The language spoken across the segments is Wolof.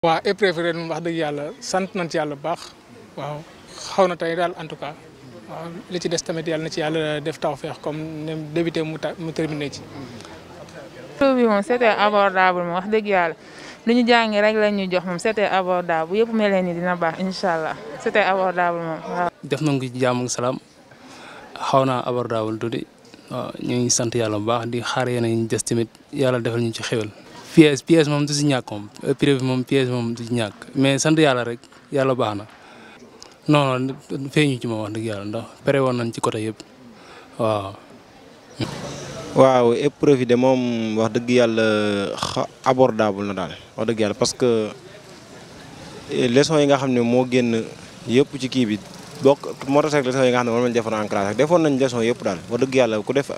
waaw épreuve ren wax dëgg yàlla sant nañ ci yàlla bu baax waaw xaw na tey daal en tout cas waaw li ci des tamit yàlla na ci yàlla def tawfeex comme ni mu débuté mu mu terminé ci. taux bi moom c'était abordable moom wax dëgg yàlla lu ñu jàngi rek la ñuy jox moom c'était abordable bu yëpp mel ni dina baax incha allah c'était abordable moom def nañ ko ci salaam xaw naa abordable tuuti waaw ñu ngi sant yàlla bu baax di xaar yéen a des tamit yàlla defal ñu ci xéwal. pièce pièce moom du si ñàkk moom privé bi moom pièce moom du si ñàkk mais sant yàlla rek yàlla baax na non non feeñu ci moom wax dëgg yàlla ndax pare woon nañ ci côté yëpp waaw. waaw moom wax dëgg yàlla xa abordable na daal wax dëgg yàlla parce que leçon yi nga xam ne moo génn yëpp ci kii bi bokk moo tax rek leçon yi nga xam ne moom lañ defoon en classe defoon nañ leçon yëpp daal wax dëgg yàlla ku def.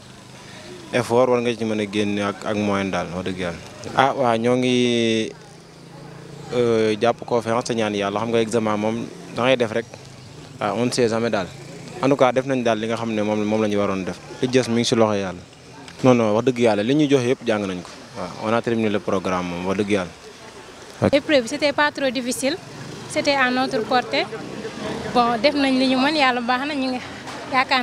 effort war nga ci mën a génn ak ak moyen daal wax dëgg yàlla. ah waaw ñoo ngi euh, jàpp confiance te yàlla xam nga examen moom da ngay def rek waaw ah, on ne sait jamais daal en tout cas def nañ daal li nga xam ne moom moom la ñu waroon def li jës mi ngi si loxo yàlla. non non wax dëgg yàlla li ñu jox yëpp jàng nañ ko waaw on a terminé le programme moom wax dëgg yàlla. épreuve c'était pas trop difficile c'était à notre portée bon def nañ li ñu mën yàlla baax na ñu ngi yaakaar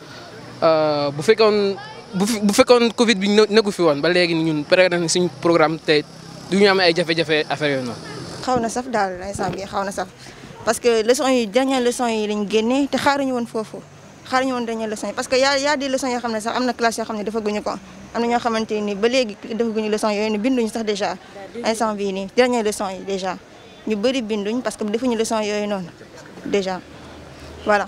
Euh, bu fekkoon bu bu Covid bi nekku fi won ba léegi ñun pare nañ suñu programme te du ñu am ay jafé jafé affaire yoon noonu. xaw saf dal instant bi xawna saf parce que leçon yi dernière leçon yi lañu génnee té xaruñu won fofu xaruñu won dernière leçon parce que ya a y a des leçons sax amna na classe yoo xam ne defaguñu ko am na ñoo xamante ni ba léegi defaguñu leçon yooyu ne binduñ sax déjà instant bii ni dernière leçon yi déjà ñu bëri binduñ parce que defuñu leçon yooyu non déjà voilà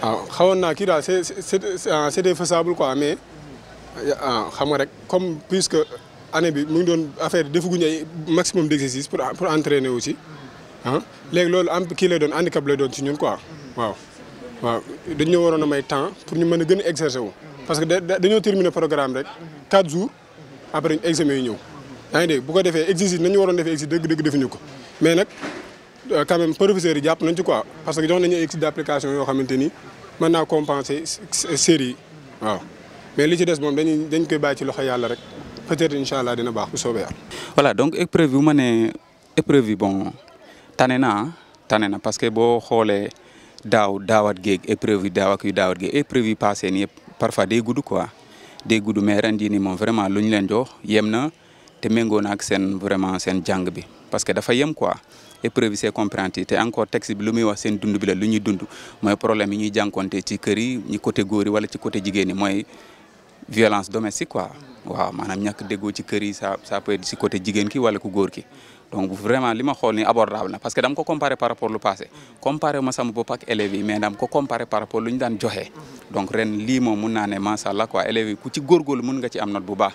c'est ah, défaisable quoi mais ah, comme puisque année bi maximum d'exercice pour entraîner aussi hein, ah, avons handicap lay doon quoi temps pour exercer parce que terminons le programme 4 jours après examen Pourquoi ñëw. avons exercice Nous avons fait exercice de mais euh, quand même professeur yi jàpp nañ ci quoi parce que jox nañu ex d'application yo xamanteni xamante ni compenser série waaw mais li ci dess mom dañuy dañ koy bàyyi ci loxo yalla rek peut-être inshallah, dina bax bu soobee voilà donc épreuve bu ma épreuve bon tane na ah, tane na parce que bo xolé daw, dawat géeg épreuve daw ak yu dawat géeg épreuve passé nii parfois des goudou quoi des goudou, mais rendi jii vraiment lu len jox yemna té te na ak sen vraiment sen jang bi. parce que dafa yem quoi épreuve yi c'est compréhensible te encore texte bi lu muy seen dund bi la lu ñuy dund mooy problème yi ñuy jànkonte ci kër yi ñi côté góor yi wala ci côté jigéen yi mooy violence domestique quoi waaw maanaam ñàkk déggoo ci kër yi ça ça peut être si côté ki wala ku góor ki donc vraiment li ma xool ni abordable na parce que dama ko comparé par rapport lu passé comparé ma sama bopp ak élèves yi mais dama ko comparé par rapport lu ñu daan joxe donc ren naa ne macha allah quoi élèves yi ku mun nga am note bu baax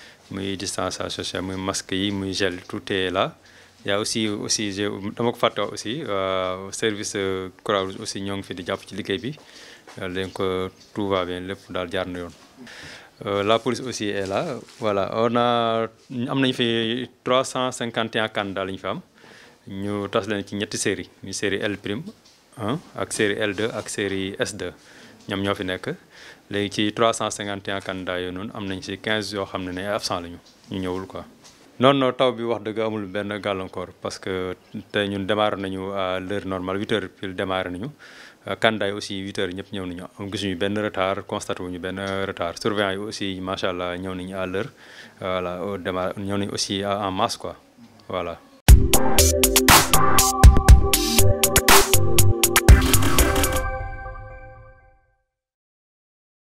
muy distanciation sociale muy masque yi muy gel tout est là il y a aussi aussi dama ko fàtte aussi euh, service euh, Croix-Rouge aussi ñong fi di japp ci liggéey bi donc tout va bien lépp dal jaar na yoon. Euh, la police aussi est là voilà on a am fi 351 candidats la ñu fi am ñu tas leen ci ñetti série série L prime 1 ak série L2 ak série S2. ñam ñoo fi nekk léegi ci 351 candidats yooyu noonu am nañ ci 15 yoo xam ne ne absent lañu ñu ñëwul quoi. non non taw bi wax dëgg amul benn gàllankoor parce que tey ñun démarré nañu à l'heure normale 8 heures pile démarré nañu candidats yi aussi 8 heures ñëpp ñëw nañu am gisuñu benn retard constaté wuñu benn retard surveillant yi aussi macha allah ñëw nañu à l'heure voilà au démarré ñëw nañu aussi en masse quoi voilà.